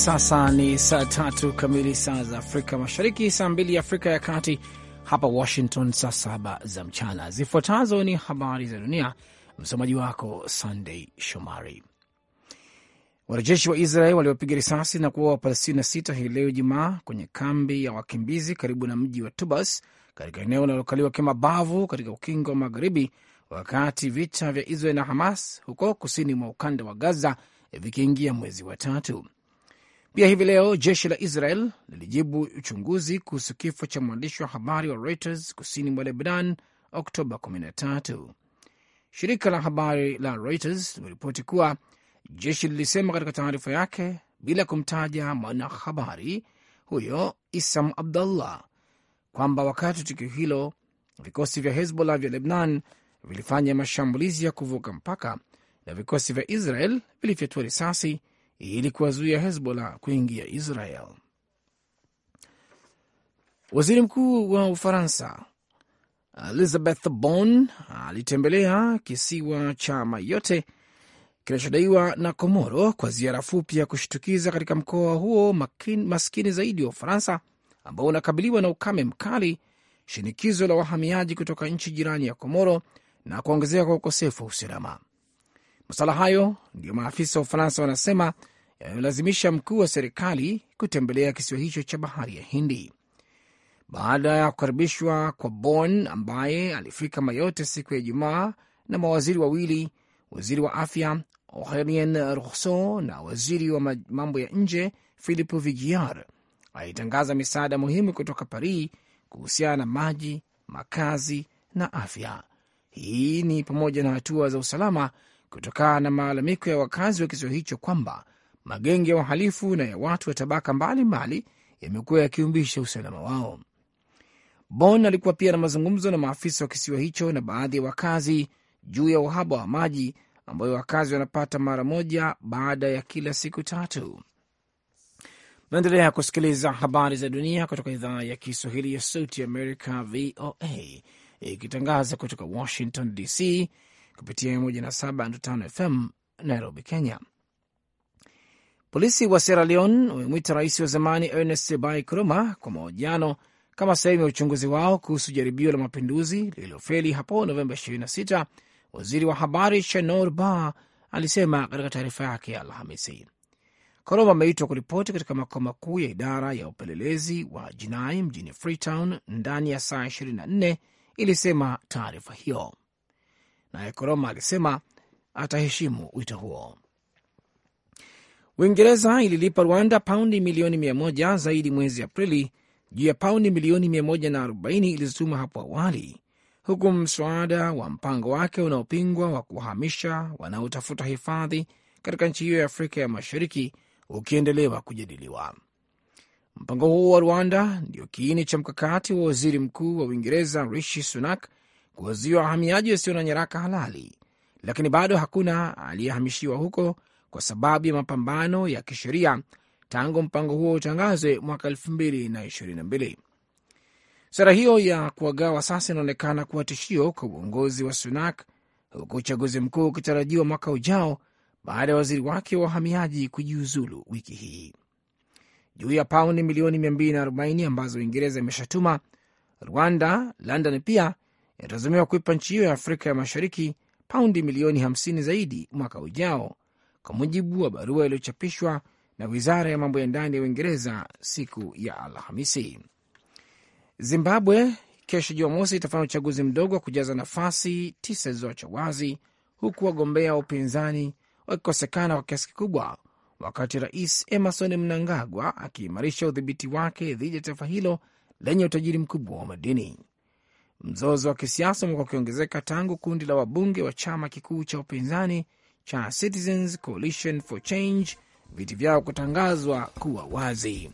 sasa ni saa tatu kamili saa za Afrika Mashariki, saa mbili Afrika ya Kati, hapa Washington saa saba za mchana. Zifuatazo ni habari za dunia, msomaji wako Sandey Shomari. Wanajeshi wa Israel waliopiga risasi na kuua Wapalestina sita hii leo jumaa kwenye kambi ya wakimbizi karibu na mji wa Tubas katika eneo linalokaliwa kimabavu katika ukingo wa Magharibi, wakati vita vya Israel na Hamas huko kusini mwa ukanda wa Gaza vikiingia mwezi wa tatu. Pia hivi leo jeshi la Israel lilijibu uchunguzi kuhusu kifo cha mwandishi wa habari wa Reuters kusini mwa Lebanon Oktoba 13. Shirika la habari la Reuters limeripoti kuwa jeshi lilisema katika taarifa yake, bila kumtaja mwanahabari huyo Isam Abdullah, kwamba wakati tukio hilo vikosi vya Hezbollah vya Lebanon vilifanya mashambulizi ya kuvuka mpaka na vikosi vya Israel vilifyatua risasi ili kuwazuia Hezbollah kuingia Israel. Waziri mkuu wa Ufaransa Elizabeth Bon alitembelea kisiwa cha Mayotte kinachodaiwa na Komoro kwa ziara fupi ya kushtukiza katika mkoa huo maskini zaidi wa Ufaransa ambao unakabiliwa na ukame mkali, shinikizo la wahamiaji kutoka nchi jirani ya Komoro na kuongezeka kwa ukosefu wa usalama. Masuala hayo ndiyo maafisa wa Ufaransa wanasema yanayolazimisha mkuu wa serikali kutembelea kisiwa hicho cha bahari ya Hindi. Baada ya kukaribishwa kwa Bon ambaye alifika Mayote siku ya Ijumaa na mawaziri wawili, waziri wa afya Aurelien Rousseau na waziri wa mambo ya nje Philippe Vigiar, alitangaza misaada muhimu kutoka Paris kuhusiana na maji, makazi na afya. Hii ni pamoja na hatua za usalama kutokana na malalamiko ya wakazi wa kisiwa hicho kwamba magenge ya uhalifu na ya watu wa tabaka mbalimbali yamekuwa yakiumbisha usalama wao. Bon alikuwa pia na mazungumzo na maafisa wa kisiwa hicho na baadhi ya wakazi juu ya uhaba wa maji ambayo wakazi wanapata mara moja baada ya kila siku tatu. Naendelea kusikiliza habari za dunia kutoka idhaa ya Kiswahili ya Sauti ya Amerika, VOA, ikitangaza kutoka Washington DC kupitia 107.5 FM Nairobi, Kenya. Polisi wa Sierra Leone wamemwita rais wa zamani Ernest Bai Koroma kwa mahojiano kama sehemu ya uchunguzi wao kuhusu jaribio la mapinduzi lililofeli hapo Novemba 26. Waziri wa habari Shanor Ba alisema katika taarifa yake ya Alhamisi. Koroma ameitwa kuripoti katika makao makuu ya idara ya upelelezi wa jinai mjini Freetown ndani ya saa 24, ilisema taarifa hiyo naye Koroma alisema ataheshimu wito huo. Uingereza ililipa Rwanda paundi milioni mia moja zaidi mwezi Aprili juu ya paundi milioni mia moja na arobaini ilizotuma hapo awali, huku mswada wa mpango wake unaopingwa wa kuwahamisha wanaotafuta hifadhi katika nchi hiyo ya Afrika ya Mashariki ukiendelewa kujadiliwa. Mpango huo wa Rwanda ndio kiini cha mkakati wa waziri mkuu wa Uingereza Rishi Sunak kuwazuia wahamiaji wasio na nyaraka halali, lakini bado hakuna aliyehamishiwa huko kwa sababu ya mapambano ya kisheria tangu mpango huo utangazwe mwaka elfu mbili na ishirini na mbili. Sera hiyo ya kuwagawa sasa inaonekana kuwa tishio kwa uongozi wa Sunak, huku uchaguzi mkuu ukitarajiwa mwaka ujao baada ya waziri wake wa wahamiaji kujiuzulu wiki hii. Juu ya paundi milioni 240 ambazo Uingereza imeshatuma Rwanda, London pia yanatazamiwa kuipa nchi hiyo ya Afrika ya Mashariki paundi milioni 50 zaidi mwaka ujao, kwa mujibu wa barua iliyochapishwa na wizara ya mambo ya ndani ya Uingereza siku ya Alhamisi. Zimbabwe kesho Jumamosi itafanya uchaguzi mdogo wa kujaza nafasi tisa zilizoachwa wazi, huku wagombea wa upinzani wakikosekana kwa kiasi kikubwa, wakati Rais Emerson Mnangagwa akiimarisha udhibiti wake dhidi ya taifa hilo lenye utajiri mkubwa wa madini. Mzozo wa kisiasa umekuwa ukiongezeka tangu kundi la wabunge wa chama kikuu cha upinzani cha Citizens Coalition for Change viti vyao kutangazwa kuwa wazi.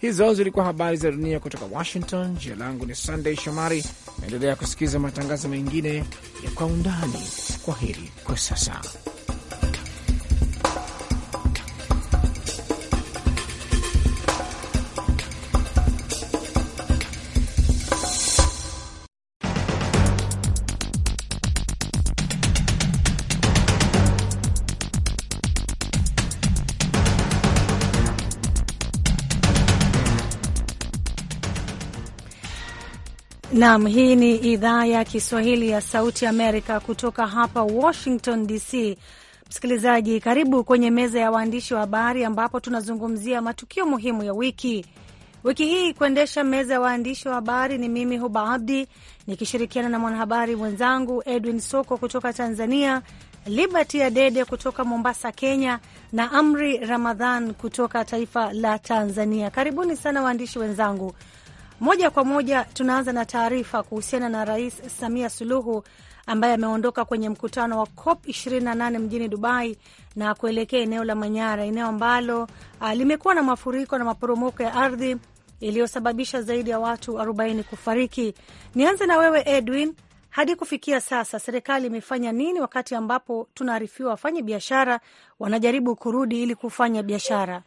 Hizo zilikuwa habari za dunia kutoka Washington. Jina langu ni sandey Shomari. Naendelea kusikiliza matangazo mengine ya Kwa Undani. Kwa heri kwa sasa. Nam, hii ni idhaa ya Kiswahili ya Sauti Amerika kutoka hapa Washington DC. Msikilizaji, karibu kwenye meza ya waandishi wa habari ambapo tunazungumzia matukio muhimu ya wiki. Wiki hii kuendesha meza ya waandishi wa habari ni mimi Huba Abdi nikishirikiana na mwanahabari mwenzangu Edwin Soko kutoka Tanzania, Liberty Adede kutoka Mombasa, Kenya, na Amri Ramadhan kutoka taifa la Tanzania. Karibuni sana waandishi wenzangu. Moja kwa moja tunaanza na taarifa kuhusiana na Rais Samia Suluhu ambaye ameondoka kwenye mkutano wa COP 28 mjini Dubai na kuelekea eneo la Manyara, eneo ambalo ah, limekuwa na mafuriko na maporomoko ya ardhi iliyosababisha zaidi ya watu 40 kufariki. Nianze na wewe Edwin, hadi kufikia sasa serikali imefanya nini, wakati ambapo tunaarifiwa wafanye biashara wanajaribu kurudi ili kufanya biashara?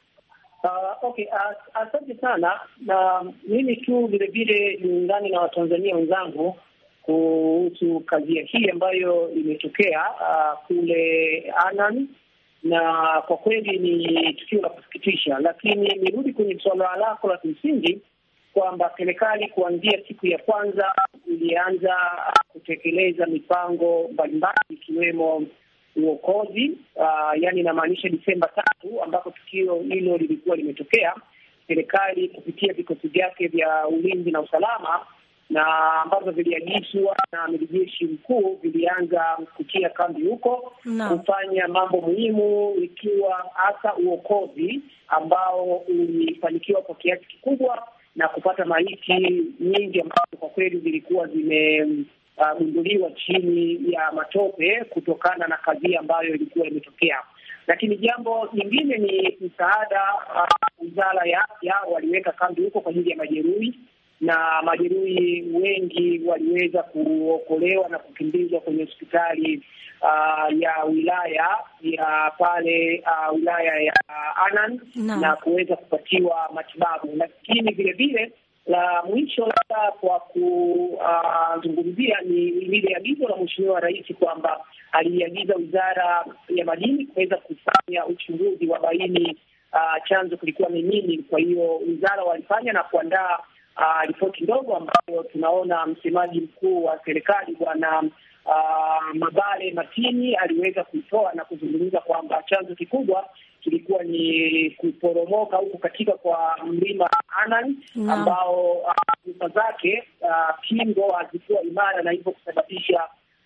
Uh, okay, uh, asante sana na uh, mimi tu vilevile niungane na Watanzania wenzangu kuhusu kazia hii ambayo imetokea uh, kule Anan, na kwa kweli ni tukio la kusikitisha, lakini nirudi kwenye suala lako la kimsingi kwamba serikali kuanzia siku ya kwanza ilianza kutekeleza mipango mbalimbali ikiwemo uokozi uh, yani inamaanisha Disemba tatu ambapo tukio hilo lilikuwa limetokea. Serikali kupitia vikosi vyake vya ulinzi na usalama na ambazo viliagizwa na amiri jeshi mkuu vilianza kutia kambi huko no. kufanya mambo muhimu, ikiwa hasa uokozi ambao ulifanikiwa kwa kiasi kikubwa na kupata maiti nyingi ambazo kwa kweli zilikuwa zime gunduliwa uh, chini ya matope kutokana na kadhia ambayo ilikuwa imetokea. Lakini jambo lingine ni msaada, uh, wizara uh, ya afya waliweka kambi huko kwa ajili ya majeruhi, na majeruhi wengi waliweza kuokolewa na kukimbizwa kwenye hospitali uh, ya wilaya ya pale uh, wilaya ya Anan no. na kuweza kupatiwa matibabu, lakini vilevile la mwisho labda kwa kuzungumzia uh, ni lile agizo la mheshimiwa rais kwamba aliagiza wizara ya madini kuweza kufanya uchunguzi wa baini uh, chanzo kilikuwa ni nini. Kwa hiyo wizara walifanya na kuandaa uh, ripoti ndogo ambayo tunaona msemaji mkuu wa serikali bwana uh, Mabale Matini aliweza kuitoa na kuzungumza kwamba chanzo kikubwa kilikuwa ni kuporomoka au kukatika kwa mlima Anan wow, ambao nyuma ah, zake ah, kingo hazikuwa imara na hivyo kusababisha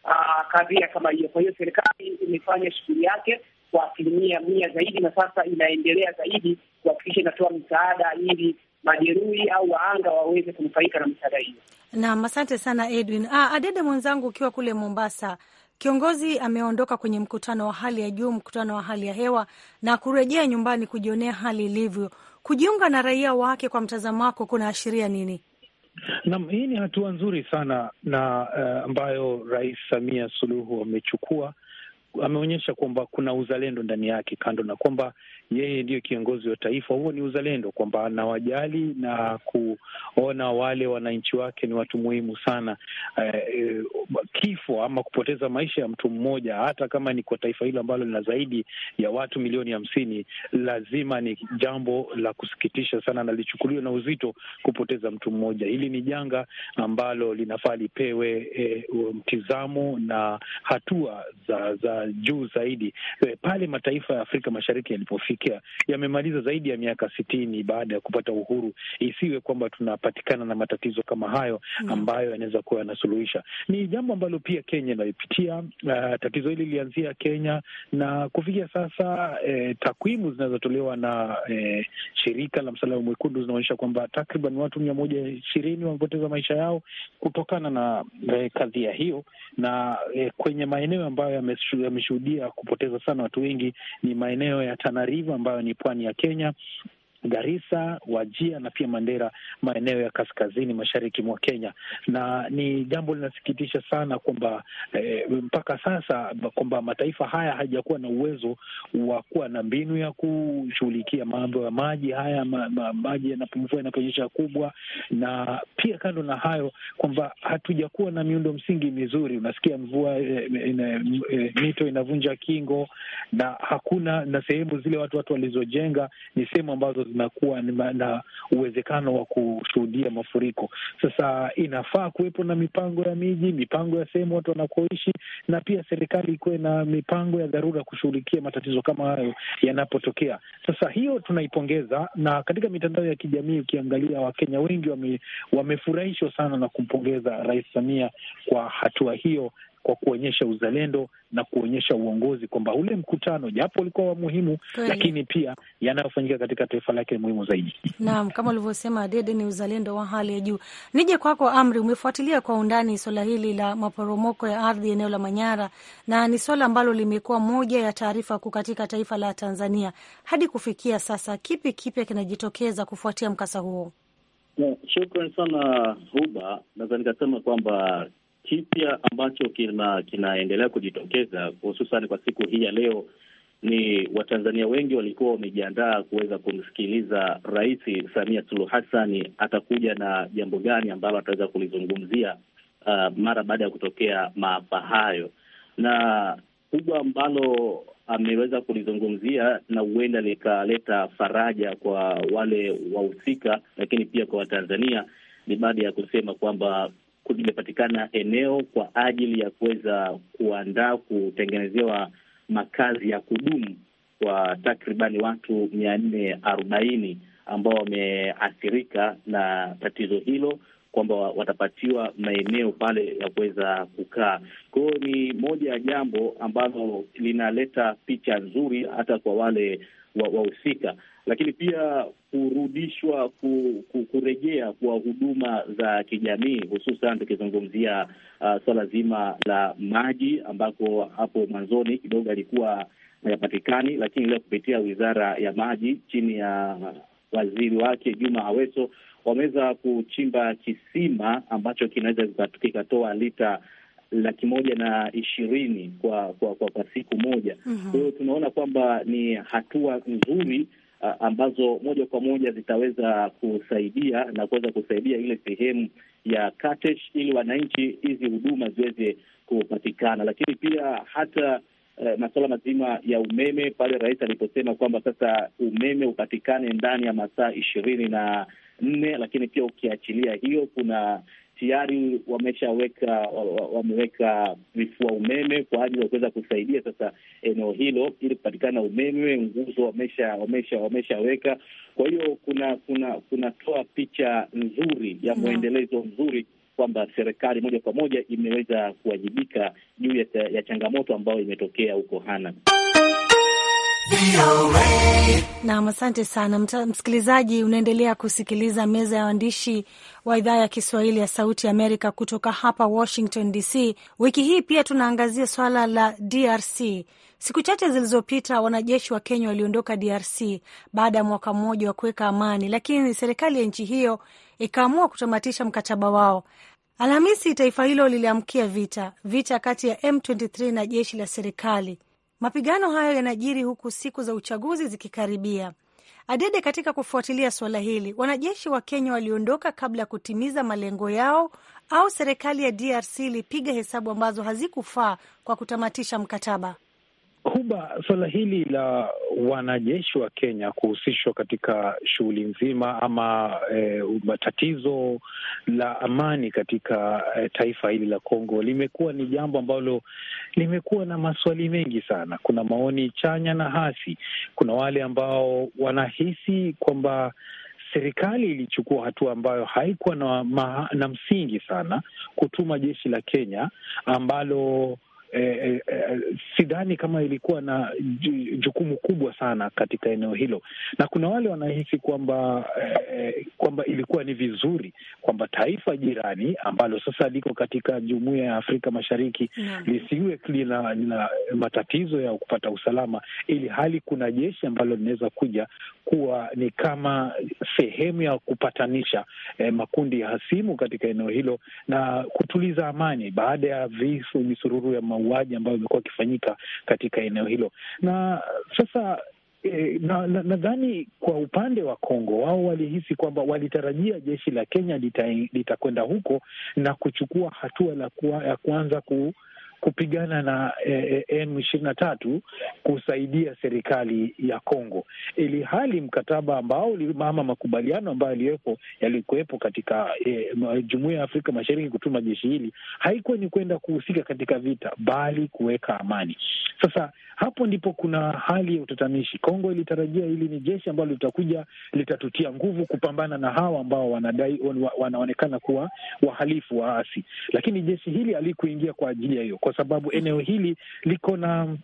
ah, kadhia kama hiyo. Kwa hiyo serikali imefanya shughuli yake kwa asilimia mia zaidi, na sasa inaendelea zaidi kuhakikisha inatoa misaada ili majeruhi au waanga waweze kunufaika na misaada hiyo. Naam, asante sana Edwin. Ah, Adede mwenzangu ukiwa kule Mombasa Kiongozi ameondoka kwenye mkutano wa hali ya juu, mkutano wa hali ya hewa, na kurejea nyumbani kujionea hali ilivyo. Kujiunga na raia wake, kwa mtazamo wako, kunaashiria nini? Naam, hii ni hatua nzuri sana na eh, ambayo uh, Rais Samia Suluhu amechukua ameonyesha kwamba kuna uzalendo ndani yake, kando na kwamba yeye ndiyo kiongozi wa taifa. Huo ni uzalendo, kwamba anawajali na kuona wale wananchi wake ni watu muhimu sana. Eh, eh, kifo ama kupoteza maisha ya mtu mmoja, hata kama ni kwa taifa hilo ambalo lina zaidi ya watu milioni hamsini, lazima ni jambo la kusikitisha sana na lichukuliwe na uzito kupoteza mtu mmoja. Hili ni janga ambalo linafaa lipewe eh, mtizamo na hatua za, za juu zaidi eh, pale mataifa ya Afrika Mashariki yalipofikia, yamemaliza zaidi ya miaka sitini baada ya kupata uhuru, isiwe kwamba tunapatikana na matatizo kama hayo mm. ambayo yanaweza kuwa yanasuluhisha. Ni jambo ambalo pia Kenya inayopitia. Uh, eh, tatizo hili lilianzia Kenya na kufikia sasa, eh, takwimu zinazotolewa na eh, shirika la Msalaba Mwekundu zinaonyesha kwamba takriban watu mia moja ishirini wamepoteza maisha yao kutokana na eh, kadhia hiyo na eh, kwenye maeneo ambayo yame yameshuhudia kupoteza sana watu wengi ni maeneo ya Tana River ambayo ni pwani ya Kenya Garissa, Wajia na pia Mandera, maeneo ya kaskazini mashariki mwa Kenya. Na ni jambo linasikitisha sana kwamba eh, mpaka sasa kwamba mataifa haya hajakuwa na uwezo wa kuwa na mbinu ya kushughulikia mambo ya maji haya ma, ma, maji yanapomvua yanaponyesha kubwa, na pia kando na hayo kwamba hatujakuwa na miundo msingi mizuri. Unasikia mvua eh, eh, ina, eh, mito inavunja kingo na hakuna na sehemu zile watu watu walizojenga ni sehemu ambazo zinakuwa na uwezekano wa kushuhudia mafuriko. Sasa inafaa kuwepo na mipango ya miji, mipango ya sehemu watu wanakoishi, na pia serikali ikuwe na mipango ya dharura kushughulikia matatizo kama hayo yanapotokea. Sasa hiyo tunaipongeza, na katika mitandao ya kijamii ukiangalia, Wakenya wengi wame, wamefurahishwa sana na kumpongeza Rais Samia kwa hatua hiyo kwa kuonyesha uzalendo na kuonyesha uongozi kwamba ule mkutano japo ulikuwa wa muhimu Kwele, lakini pia yanayofanyika katika taifa lake ni muhimu zaidi. Naam, kama ulivyosema Dede, ni uzalendo wa hali ya juu. Nije kwako kwa Amri, umefuatilia kwa undani swala hili la maporomoko ya ardhi eneo la Manyara, na ni swala ambalo limekuwa moja ya taarifa kuu katika taifa la Tanzania hadi kufikia sasa. Kipi kipya kinajitokeza kufuatia mkasa huo? Shukran sana Huba, nadhani nikasema kwamba kipya ambacho kina, kinaendelea kujitokeza hususan kwa siku hii ya leo ni Watanzania wengi walikuwa wamejiandaa kuweza kumsikiliza Rais Samia Suluhu Hassan atakuja na jambo gani ambalo ataweza kulizungumzia uh, mara baada ya kutokea maafa hayo, na kubwa ambalo ameweza kulizungumzia na huenda likaleta faraja kwa wale wahusika, lakini pia kwa Watanzania ni baada ya kusema kwamba limepatikana eneo kwa ajili ya kuweza kuandaa kutengenezewa makazi ya kudumu kwa takribani watu mia nne arobaini ambao wameathirika na tatizo hilo kwamba watapatiwa maeneo pale ya kuweza kukaa. Kwa hiyo ni moja ya jambo ambalo linaleta picha nzuri hata kwa wale wahusika wa lakini pia kurudishwa ku, ku, kurejea kwa huduma za kijamii hususan tukizungumzia uh, swala zima la maji ambako hapo mwanzoni kidogo alikuwa hayapatikani, lakini leo kupitia Wizara ya Maji chini ya waziri wake Juma Aweso wameweza kuchimba kisima ambacho kinaweza kikatoa lita laki moja na ishirini kwa kwa, kwa, kwa siku moja. Mhm. Kwa hiyo mm -hmm. tunaona kwamba ni hatua nzuri uh, ambazo moja kwa moja zitaweza kusaidia na kuweza kusaidia ile sehemu ya Katesh ili wananchi hizi huduma ziweze kupatikana, lakini pia hata uh, masuala mazima ya umeme pale rais aliposema kwamba sasa umeme upatikane ndani ya masaa ishirini na nne, lakini pia ukiachilia hiyo kuna tayari wameshaweka wameweka vifua umeme kwa ajili ya kuweza kusaidia sasa eneo hilo ili kupatikana umeme. Nguzo wamesha wamesha wameshaweka. Kwa hiyo kuna kuna kunatoa picha nzuri ya mm-hmm. mwendelezo mzuri kwamba serikali moja kwa moja imeweza kuwajibika juu ya, ya changamoto ambayo imetokea huko Hanang. Nam, asante sana msikilizaji. Unaendelea kusikiliza meza ya waandishi wa idhaa ya Kiswahili ya Sauti ya Amerika kutoka hapa Washington DC. Wiki hii pia tunaangazia swala la DRC. Siku chache zilizopita wanajeshi wa Kenya waliondoka DRC baada ya mwaka mmoja wa kuweka amani, lakini serikali ya nchi hiyo ikaamua kutamatisha mkataba wao. Alhamisi taifa hilo liliamkia vita, vita kati ya M23 na jeshi la serikali Mapigano hayo yanajiri huku siku za uchaguzi zikikaribia. Adede, katika kufuatilia suala hili, wanajeshi wa Kenya waliondoka kabla ya kutimiza malengo yao au serikali ya DRC ilipiga hesabu ambazo hazikufaa kwa kutamatisha mkataba? Huba, suala hili la wanajeshi wa Kenya kuhusishwa katika shughuli nzima ama e, matatizo la amani katika e, taifa hili la Kongo limekuwa ni jambo ambalo limekuwa na maswali mengi sana. Kuna maoni chanya na hasi. Kuna wale ambao wanahisi kwamba serikali ilichukua hatua ambayo haikuwa na, na msingi sana kutuma jeshi la Kenya ambalo Eh, eh, eh, sidhani kama ilikuwa na jukumu kubwa sana katika eneo hilo, na kuna wale wanahisi kwamba eh, kwamba ilikuwa ni vizuri kwamba taifa jirani ambalo sasa liko katika jumuiya ya Afrika Mashariki yeah, lisiwe lina, lina matatizo ya kupata usalama, ili hali kuna jeshi ambalo linaweza kuja kuwa ni kama sehemu ya kupatanisha eh, makundi ya hasimu katika eneo hilo na kutuliza amani baada ya visu misururu ya ma mauaji ambayo imekuwa ikifanyika katika eneo hilo, na sasa nadhani eh, na, na kwa upande wa Kongo wao walihisi kwamba walitarajia jeshi la Kenya litakwenda lita huko na kuchukua hatua la kuwa, ya kuanza ku, kupigana na M eh, eh, ishirini na tatu kusaidia serikali ya Kongo, ili hali mkataba ambao ama makubaliano ambayo yaliyopo yalikuwepo katika eh, jumuia ya Afrika Mashariki kutuma jeshi hili haikuwa ni kwenda kuhusika katika vita, bali kuweka amani. Sasa hapo ndipo kuna hali ya utatanishi. Kongo ilitarajia hili ni jeshi ambalo litakuja litatutia nguvu kupambana na hawa ambao wanadai, wanaonekana kuwa wahalifu waasi, lakini jeshi hili halikuingia kwa ajili ya hiyo kwa sababu eneo hili liko na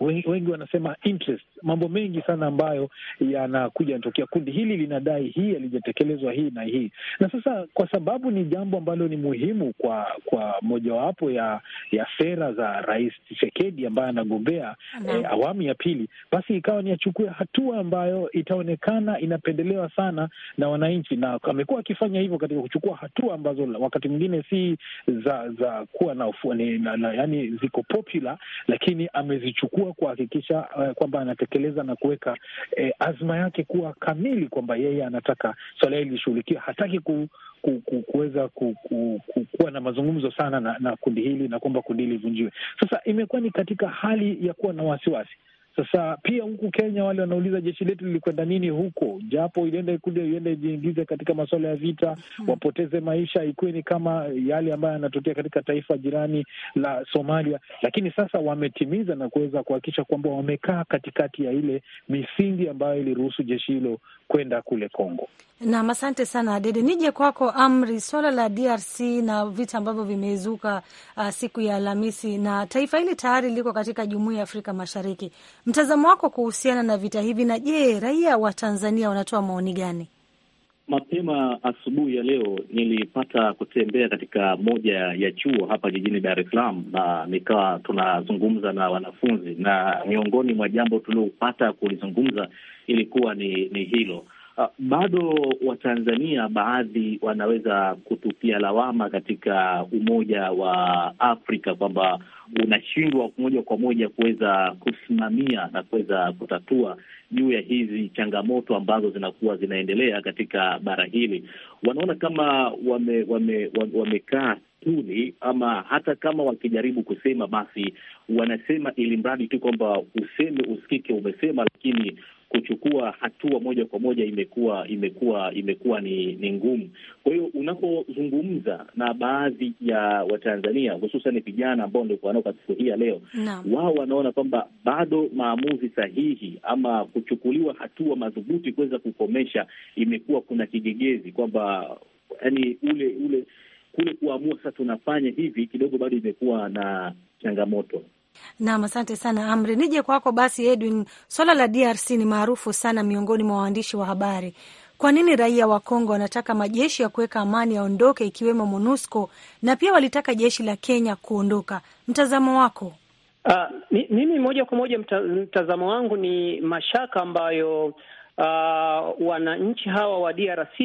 wengi wanasema interest, mambo mengi sana ambayo yanakuja yanatokea. Kundi hili linadai hii, alijatekelezwa hii na hii. Na sasa kwa sababu ni jambo ambalo ni muhimu kwa kwa mojawapo ya ya sera za Rais Tshisekedi ambaye anagombea eh, awamu ya pili, basi ikawa ni achukue hatua ambayo itaonekana inapendelewa sana na wananchi, na amekuwa akifanya hivyo katika kuchukua hatua ambazo wakati mwingine si za za kuwa na, na, na, yani ziko popular, lakini amezichukua kuhakikisha uh, kwamba anatekeleza na kuweka uh, azma yake kuwa kamili kwamba yeye anataka swala hili lishughulikiwa. Hataki ku, ku, ku, kuweza ku, ku, ku, kuwa na mazungumzo sana na, na kundi hili na kwamba kundi hili livunjiwe. Sasa imekuwa ni katika hali ya kuwa na wasiwasi sasa pia huku Kenya wale wanauliza jeshi letu lilikwenda nini huko, japo ilienda kuja iende ijiingize katika masuala ya vita -hmm. wapoteze maisha, ikiwe ni kama yale ambayo yanatokea katika taifa jirani la Somalia, lakini sasa wametimiza na kuweza kuhakikisha kwamba wamekaa katikati ya ile misingi ambayo iliruhusu jeshi hilo kwenda kule Kongo. Naam, asante sana Dede. Nije kwako Amri, swala la DRC na vita ambavyo vimezuka uh, siku ya Alhamisi na taifa hili tayari liko katika jumuiya ya Afrika Mashariki Mtazamo wako kuhusiana na vita hivi, na je, raia wa Tanzania wanatoa maoni gani? Mapema asubuhi ya leo nilipata kutembea katika moja ya chuo hapa jijini Dar es Salaam, na nikawa tunazungumza na wanafunzi, na miongoni mwa jambo tuliopata kulizungumza ilikuwa ni, ni hilo Uh, bado Watanzania baadhi wanaweza kutupia lawama katika Umoja wa Afrika kwamba unashindwa moja kwa moja kuweza kusimamia na kuweza kutatua juu ya hizi changamoto ambazo zinakuwa zinaendelea katika bara hili. Wanaona kama wame, wame, wamekaa tuli ama hata kama wakijaribu kusema basi wanasema ili mradi tu kwamba useme usikike, umesema, lakini kuchukua hatua moja kwa moja imekuwa imekuwa imekuwa ni, ni ngumu. Kwa hiyo unapozungumza na baadhi ya Watanzania hususan vijana ambao nilikuwa nao katika siku hii ya leo no. wao wanaona kwamba bado maamuzi sahihi ama kuchukuliwa hatua madhubuti kuweza kukomesha imekuwa kuna kigegezi kwamba yani ule ule kule kuamua sasa tunafanya hivi kidogo bado imekuwa na changamoto. Nam, asante sana Amri. Nije kwako basi Edwin, swala la DRC ni maarufu sana miongoni mwa waandishi wa habari. Kwa nini raia wa Kongo wanataka majeshi ya kuweka amani yaondoke ikiwemo MONUSCO na pia walitaka jeshi la Kenya kuondoka? Mtazamo wako? Uh, mimi moja kwa moja mta, mtazamo wangu ni mashaka ambayo uh, wananchi hawa wa DRC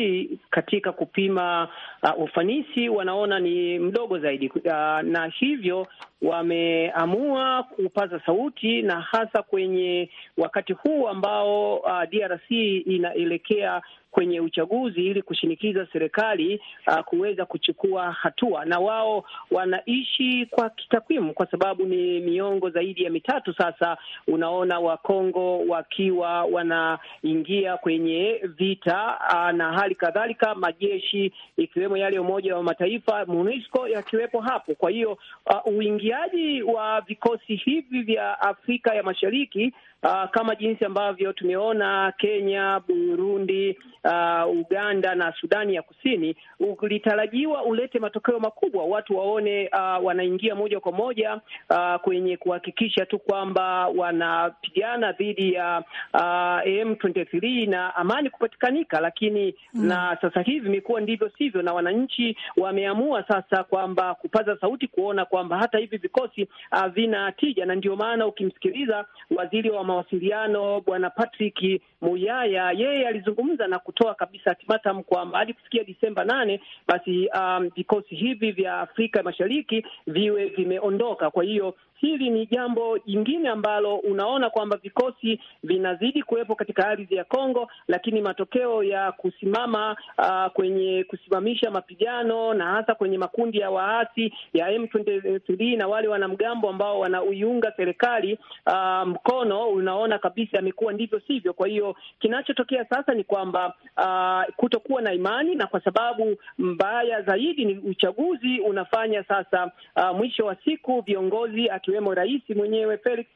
katika kupima uh, ufanisi wanaona ni mdogo zaidi uh, na hivyo wameamua kupaza sauti na hasa kwenye wakati huu ambao uh, ah, DRC inaelekea kwenye uchaguzi ili kushinikiza serikali uh, kuweza kuchukua hatua, na wao wanaishi kwa kitakwimu, kwa sababu ni miongo zaidi ya mitatu sasa. Unaona Wakongo wakiwa wanaingia kwenye vita uh, na hali kadhalika majeshi ikiwemo yakiwemo yale Umoja wa Mataifa, MONUSCO yakiwepo hapo. Kwa hiyo uh, uingiaji wa vikosi hivi vya Afrika ya Mashariki uh, kama jinsi ambavyo tumeona Kenya, Burundi, uh, Uganda na Sudani ya Kusini, ulitarajiwa ulete matokeo makubwa, watu waone uh, wanaingia moja kwa moja uh, kwenye kuhakikisha tu kwamba wanapigana dhidi ya uh, M23 na amani kupatikanika, lakini mm. na sasa hivi imekuwa ndivyo sivyo, na wananchi wameamua sasa kwamba kupaza sauti kuona kwamba hata hivi vikosi havina uh, tija, na ndio maana ukimsikiliza waziri wa mawasiliano Bwana Patrick Muyaya, yeye alizungumza na kutoa kabisa ultimatum kwamba hadi kufikia Disemba nane basi um, vikosi hivi vya Afrika Mashariki viwe vimeondoka. Kwa hiyo hili ni jambo jingine ambalo unaona kwamba vikosi vinazidi kuwepo katika ardhi ya Kongo, lakini matokeo ya kusimama uh, kwenye kusimamisha mapigano na hasa kwenye makundi ya waasi ya M23 na wale wanamgambo ambao wanauiunga serikali uh, mkono, unaona kabisa yamekuwa ndivyo sivyo. Kwa hiyo kinachotokea sasa ni kwamba uh, kutokuwa na imani, na kwa sababu mbaya zaidi ni uchaguzi unafanya sasa, uh, mwisho wa siku viongozi akiwemo rais mwenyewe Felix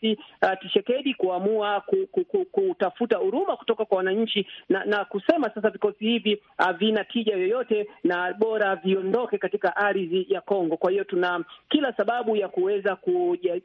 uh, Tshisekedi kuamua kutafuta huruma kutoka kwa wananchi na, na kusema sasa vikosi hivi havina uh, tija yoyote na bora viondoke katika ardhi ya Kongo. Kwa hiyo tuna kila sababu ya kuweza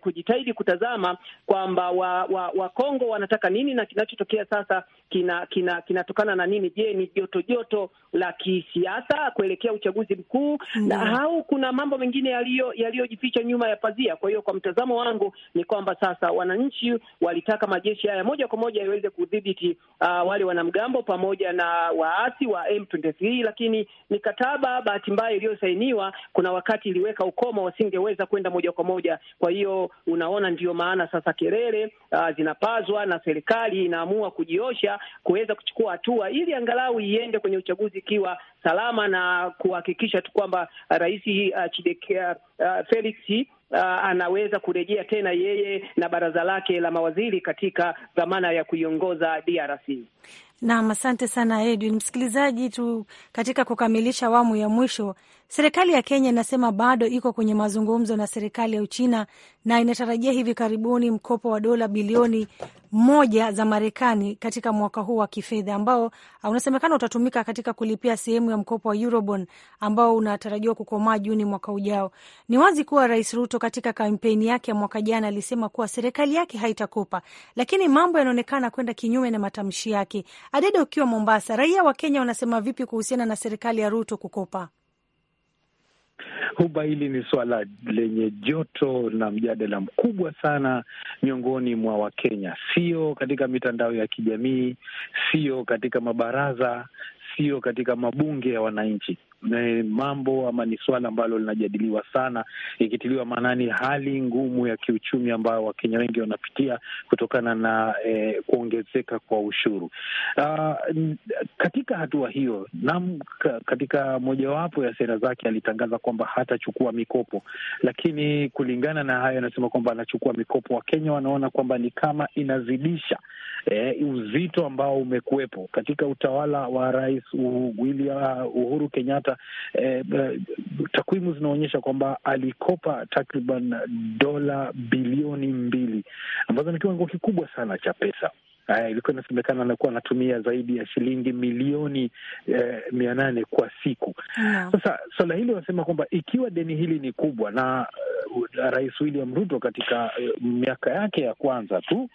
kujitahidi kutazama kwamba Wakongo wa, wa wanataka nini na kinachotokea sasa kina kinatokana kina na nini? Je, ni joto joto la kisiasa kuelekea uchaguzi mkuu mm, na au kuna mambo mengine yaliyojificha nyuma ya pazia? Kwa hiyo kwa mtazamo mtazamo wangu ni kwamba sasa wananchi walitaka majeshi haya moja kwa moja yaweze kudhibiti uh, wale wanamgambo pamoja na waasi wa M23, lakini mikataba bahati mbaya iliyosainiwa kuna wakati iliweka ukomo, wasingeweza kwenda moja kwa moja. Kwa hiyo unaona, ndiyo maana sasa kelele uh, zinapazwa na serikali inaamua kujiosha kuweza kuchukua hatua ili angalau iende kwenye uchaguzi ikiwa salama na kuhakikisha tu kwamba rais uh, Chideke uh, uh Felix uh, anaweza kurejea tena yeye na baraza lake la mawaziri katika dhamana ya kuiongoza DRC. Naam, asante sana Edwin. Msikilizaji tu, katika kukamilisha awamu ya mwisho, serikali ya Kenya inasema bado iko kwenye mazungumzo na serikali ya Uchina na inatarajia hivi karibuni mkopo wa dola bilioni moja za Marekani katika mwaka huu wa kifedha ambao ah, unasemekana utatumika katika kulipia sehemu ya mkopo wa Eurobond ambao unatarajiwa kukomaa Juni mwaka ujao. Ni wazi kuwa Rais Ruto katika kampeni yake ya mwaka jana alisema kuwa serikali yake haitakopa, lakini mambo yanaonekana kwenda kinyume na matamshi yake. Adede, ukiwa Mombasa, raia wa Kenya wanasema vipi kuhusiana na serikali ya Ruto kukopa? Huba, hili ni suala lenye joto na mjadala mkubwa sana miongoni mwa Wakenya, sio katika mitandao ya kijamii, sio katika mabaraza, sio katika mabunge ya wananchi mambo ama ni suala ambalo linajadiliwa sana, ikitiliwa maanani hali ngumu ya kiuchumi ambayo Wakenya wengi wanapitia kutokana na eh, kuongezeka kwa ushuru. Uh, katika hatua hiyo nam, katika mojawapo ya sera zake alitangaza kwamba hatachukua mikopo, lakini kulingana na hayo anasema kwamba anachukua mikopo, Wakenya wanaona kwamba ni kama inazidisha eh, uzito ambao umekuwepo katika utawala wa Rais William uh, Uhuru Kenyatta. Eh, takwimu zinaonyesha kwamba alikopa takriban dola bilioni mbili ambazo ni kiwango kikubwa sana cha pesa Uh, ilikuwa inasemekana anakuwa anatumia zaidi ya shilingi milioni uh, mia nane kwa siku yeah. Sasa swala hili wanasema kwamba ikiwa deni hili ni kubwa na uh, Rais William Ruto katika uh, miaka yake ya kwanza tu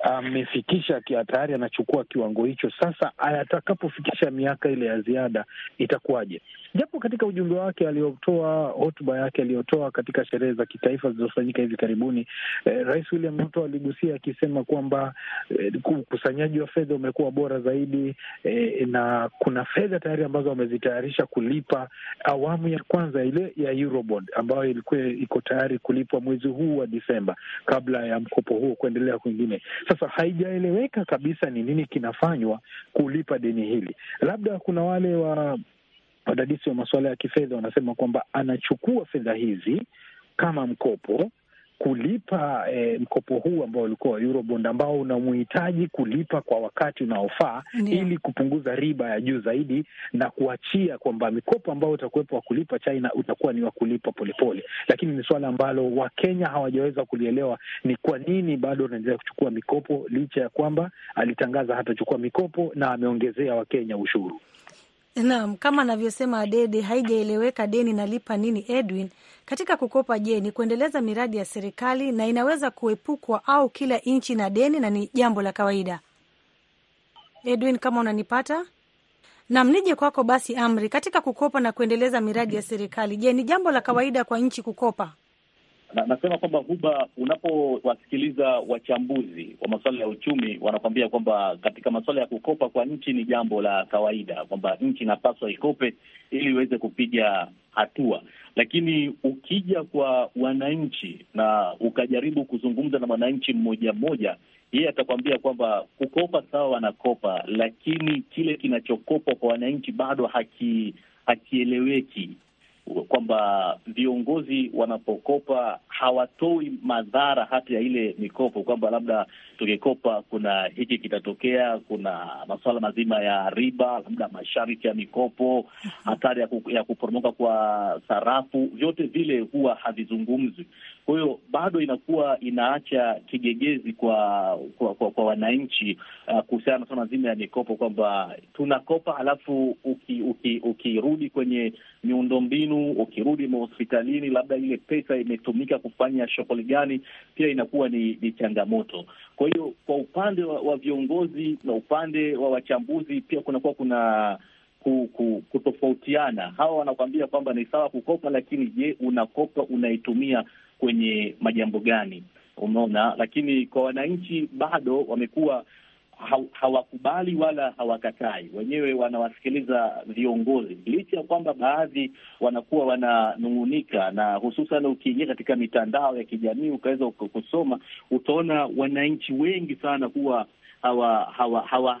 amefikisha uh, tayari anachukua kiwango hicho. Sasa atakapofikisha miaka ile ya ziada itakuwaje? Japo katika ujumbe wake aliotoa, hotuba yake aliyotoa katika sherehe za kitaifa zilizofanyika hivi karibuni, eh, Rais William Ruto aligusia akisema kwamba eh, ukusanyaji wa fedha umekuwa bora zaidi e, na kuna fedha tayari ambazo wamezitayarisha kulipa awamu ya kwanza ile ya Eurobond ambayo ilikuwa iko tayari kulipwa mwezi huu wa Disemba kabla ya mkopo huo kuendelea kwingine. Sasa haijaeleweka kabisa ni nini kinafanywa kulipa deni hili. Labda kuna wale wa wadadisi wa masuala ya kifedha wanasema kwamba anachukua fedha hizi kama mkopo kulipa eh, mkopo huu ambao ulikuwa wa Eurobond ambao unamuhitaji kulipa kwa wakati unaofaa ili kupunguza riba ya juu zaidi na kuachia kwamba mikopo ambayo utakuwepo wa kulipa China utakuwa ni wa kulipa polepole, lakini ni suala ambalo Wakenya hawajaweza kulielewa, ni kwa nini bado unaendelea kuchukua mikopo licha ya kwamba alitangaza hatachukua mikopo na ameongezea Wakenya ushuru. Naam, kama anavyosema adede haijaeleweka deni nalipa nini. Edwin, katika kukopa, je, ni kuendeleza miradi ya serikali na inaweza kuepukwa au kila nchi na deni na ni jambo la kawaida? Edwin, kama unanipata Nam, nije kwako basi. Amri, katika kukopa na kuendeleza miradi ya serikali, je, ni jambo la kawaida kwa nchi kukopa? na, nasema kwamba huba, unapowasikiliza wachambuzi wa masuala ya uchumi wanakuambia kwamba katika masuala ya kukopa kwa nchi ni jambo la kawaida, kwamba nchi inapaswa ikope ili iweze kupiga hatua. Lakini ukija kwa wananchi na ukajaribu kuzungumza na mwananchi mmoja mmoja, yeye atakwambia kwamba kukopa sawa, wanakopa, lakini kile kinachokopwa kwa wananchi bado haki hakieleweki kwamba viongozi wanapokopa hawatoi madhara hata ya ile mikopo, kwamba labda tukikopa kuna hiki kitatokea, kuna masuala mazima ya riba, labda masharti ya mikopo, hatari ya kuporomoka kwa sarafu, vyote vile huwa havizungumzwi bado inakuwa inaacha kigegezi kwa kwa, kwa, kwa wananchi uh, kuhusiana na swala zima ya mikopo kwamba tunakopa halafu ukirudi uki, uki kwenye miundombinu ukirudi mahospitalini, labda ile pesa imetumika kufanya shughuli gani, pia inakuwa ni, ni changamoto. Kwa hiyo kwa upande wa, wa viongozi na upande wa wachambuzi pia kunakuwa kuna kutofautiana. Hawa wanakuambia kwamba ni sawa kukopa, lakini je, unakopa unaitumia kwenye majambo gani, umeona. Lakini kwa wananchi bado wamekuwa hawakubali wala hawakatai, wenyewe wanawasikiliza viongozi, licha ya kwamba baadhi wanakuwa wananung'unika, na hususan ukiingia katika mitandao ya kijamii ukaweza kusoma, utaona wananchi wengi sana huwa hawahafiki hawa, hawa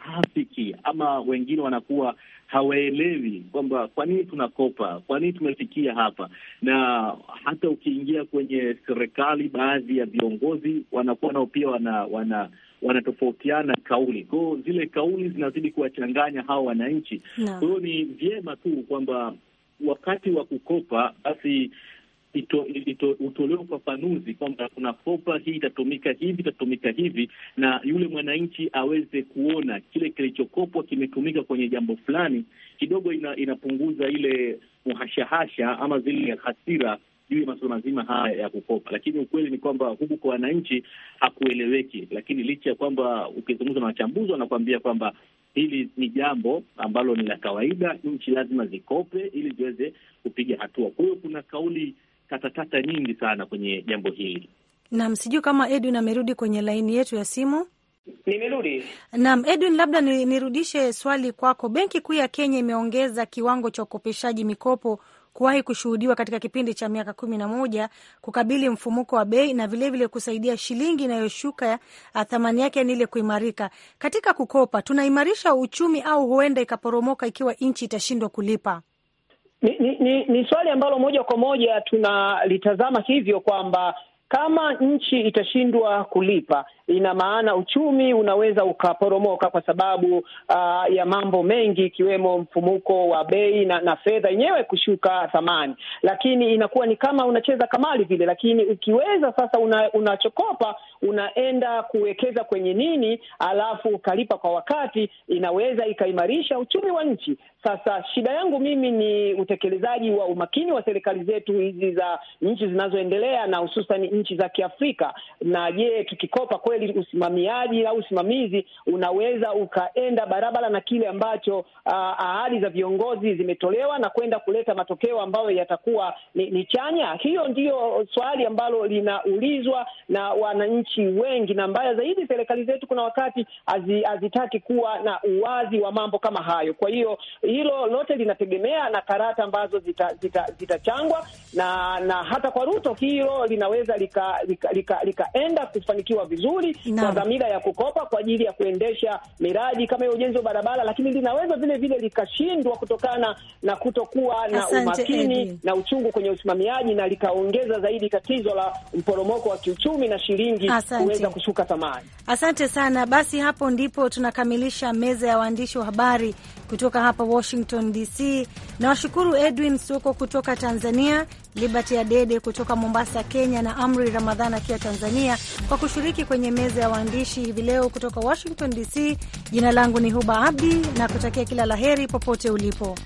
ama wengine wanakuwa hawaelewi kwamba kwa nini tunakopa, kwa nini tumefikia hapa. Na hata ukiingia kwenye serikali, baadhi ya viongozi wanakuwa nao pia wana, wana wanatofautiana kauli kwao, zile kauli zinazidi kuwachanganya hawa wananchi. Kwa hiyo ni vyema tu kwamba wakati wa kukopa basi utolewe ufafanuzi kwamba kuna kopa hii itatumika hivi itatumika hivi, na yule mwananchi aweze kuona kile kilichokopwa kimetumika kwenye jambo fulani, kidogo ina, inapunguza ile muhashahasha ama zile hasira juu ya masuala mazima haya ya kukopa. Lakini ukweli ni kwamba huku kwa wananchi hakueleweki, lakini licha ya kwamba ukizungumza na wachambuzi wanakuambia kwamba hili ni jambo ambalo ni la kawaida, nchi lazima zikope ili ziweze kupiga hatua. Kwa hiyo kuna kauli katakata nyingi sana kwenye jambo hili. Naam, sijui kama Edwin amerudi kwenye laini yetu ya simu. Nimerudi. Naam, Edwin, labda nirudishe swali kwako. Benki Kuu ya Kenya imeongeza kiwango cha ukopeshaji mikopo kuwahi kushuhudiwa katika kipindi cha miaka kumi na moja kukabili mfumuko wa bei na vilevile vile kusaidia shilingi inayoshuka thamani yake ni ile kuimarika. Katika kukopa tunaimarisha uchumi au huenda ikaporomoka ikiwa nchi itashindwa kulipa? Ni, ni, ni, ni swali ambalo moja kwa moja tunalitazama hivyo kwamba kama nchi itashindwa kulipa ina maana uchumi unaweza ukaporomoka kwa sababu uh, ya mambo mengi ikiwemo mfumuko wa bei na, na fedha yenyewe kushuka thamani, lakini inakuwa ni kama unacheza kamali vile. Lakini ukiweza sasa, una, unachokopa unaenda kuwekeza kwenye nini, alafu ukalipa kwa wakati, inaweza ikaimarisha uchumi wa nchi. Sasa shida yangu mimi ni utekelezaji wa umakini wa serikali zetu hizi za nchi zinazoendelea na hususan nchi za Kiafrika. Na je, tukikopa kwe kweli usimamiaji au usimamizi unaweza ukaenda barabara na kile ambacho uh, ahadi za viongozi zimetolewa na kwenda kuleta matokeo ambayo yatakuwa ni, ni chanya. Hiyo ndiyo swali ambalo linaulizwa na wananchi wengi, na mbaya zaidi serikali zetu kuna wakati hazitaki kuwa na uwazi wa mambo kama hayo. Kwa hiyo hilo lote linategemea na karata ambazo zitachangwa zita, zita na, na hata kwa Ruto hilo linaweza likaenda lika, lika, lika kufanikiwa vizuri halmashauri kwa dhamira ya kukopa kwa ajili ya kuendesha miradi kama hiyo ujenzi wa barabara, lakini linaweza vile vile likashindwa kutokana na kutokuwa na Asante umakini Eddie, na uchungu kwenye usimamiaji na likaongeza zaidi tatizo la mporomoko wa kiuchumi na shilingi kuweza kushuka thamani. Asante sana. Basi hapo ndipo tunakamilisha meza ya waandishi wa habari kutoka hapa Washington DC. Nawashukuru Edwin Soko kutoka Tanzania Liberty Adede kutoka Mombasa, Kenya, na Amri Ramadhan akiwa Tanzania, kwa kushiriki kwenye meza ya waandishi hivi leo kutoka Washington DC. Jina langu ni Huba Abdi na kutakia kila la heri popote ulipo.